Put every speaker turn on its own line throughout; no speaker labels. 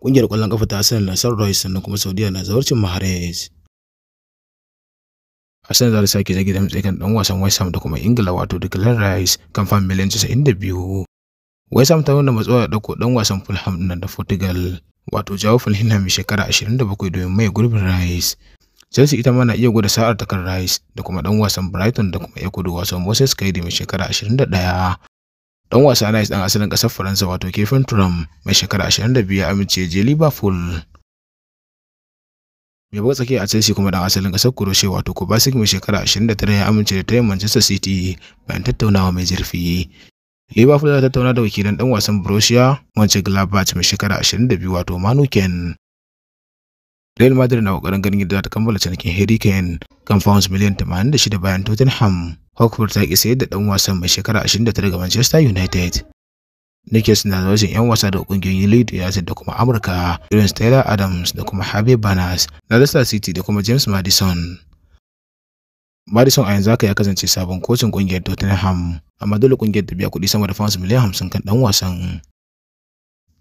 Ƙungiyar ƙwallon ƙafa ta Arsenal na san Royce sannan kuma saudiya na zawarcin Mahrez. Arsenal za ta sake zage da kan dan wasan West Ham da kuma Ingila wato Declan Rice kan fam miliyan 92. West Ham ta nuna matsuwa da dauko dan wasan Fulham ɗin da Portugal wato Joao Fulham mai shekara 27 domin mai gurbin Rice. Chelsea ita ma na iya gwada sa'ar ta kan Rice da kuma dan wasan Brighton da kuma ya kudu wasan Moses Kaidi mai shekara 21 dan wasa Nice dan asalin kasar Faransa wato Kevin Turam mai shekara 25 ya amince je Liverpool. Mai buga tsakiya a Chelsea kuma dan asalin kasar Croatia wato Kovacic mai shekara 29 ya amince da tayin Manchester City bayan tattaunawa mai zurfi. Liverpool ta tattauna da wakilan dan wasan Borussia Mönchengladbach mai shekara 22 wato Manu Ken. Real Madrid na kokarin ganin yadda ta kammala cinikin Harry Kane kan pounds miliyan 86 bayan Tottenham. Hawkwood ta ki sayar da ɗan wasan mai shekara 29 ga Manchester United. Lakers na da wajen 'yan wasa da kungiyoyin Leeds United da kuma Amurka irin Taylor Adams da kuma Harvey Barnes na Leicester City da kuma James Madison. Madison a yanzu haka ya kasance sabon kocin kungiyar Tottenham, amma dole kungiyar ta biya kuɗi sama da fans miliyan 50 kan ɗan wasan.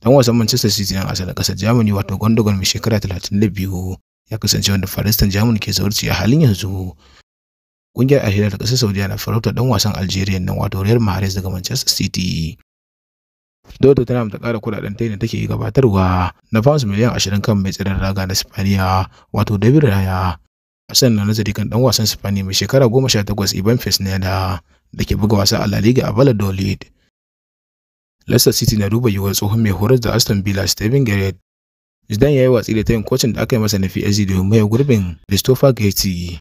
Dan wasan Manchester City na asalin ƙasar Germany wato Gundogan mai shekara 32 ya kasance wanda Faristan Germany ke zaurci a halin yanzu Kungiyar Algeria ta ƙasar Saudiya na farautar dan wasan Algeria nan wato Real Mahrez daga Manchester City. Dodo tana ta kara kuɗaɗen ta ne take gabatarwa na pounds miliyan 20 kan mai tsirar raga na Spaniya wato David Raya. Hassan na nazari kan dan wasan Spaniya mai shekara 18 Ivan Fesneda da ke buga wasa a La Liga a Valladolid. Leicester City na duba yiwuwar tsohon mai horar da Aston Villa Steven Gerrard. Zidane ya yi watsi da tayin kocin da aka yi masa na PSG domin mai gurbin Christopher Getty.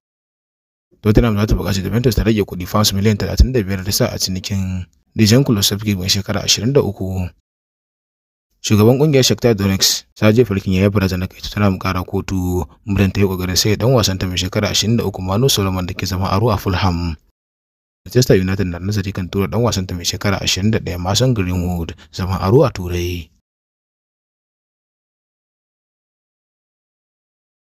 Tottenham za ta buƙaci Juventus ta rage kuɗi fans miliyan 35 da sa a cinikin Dijon Kulosevski mai shekara 23. Shugaban ƙungiyar Shakhtar Donetsk, Sergei Falkin ya yi barazana kai Tottenham ƙara kotu murin ta yi ƙoƙarin sai dan wasan ta mai shekara 23 Manu Solomon da ke zama aro a Fulham. Manchester United na nazari kan tura dan wasan ta mai shekara 21 Mason Greenwood zama aro a Turai.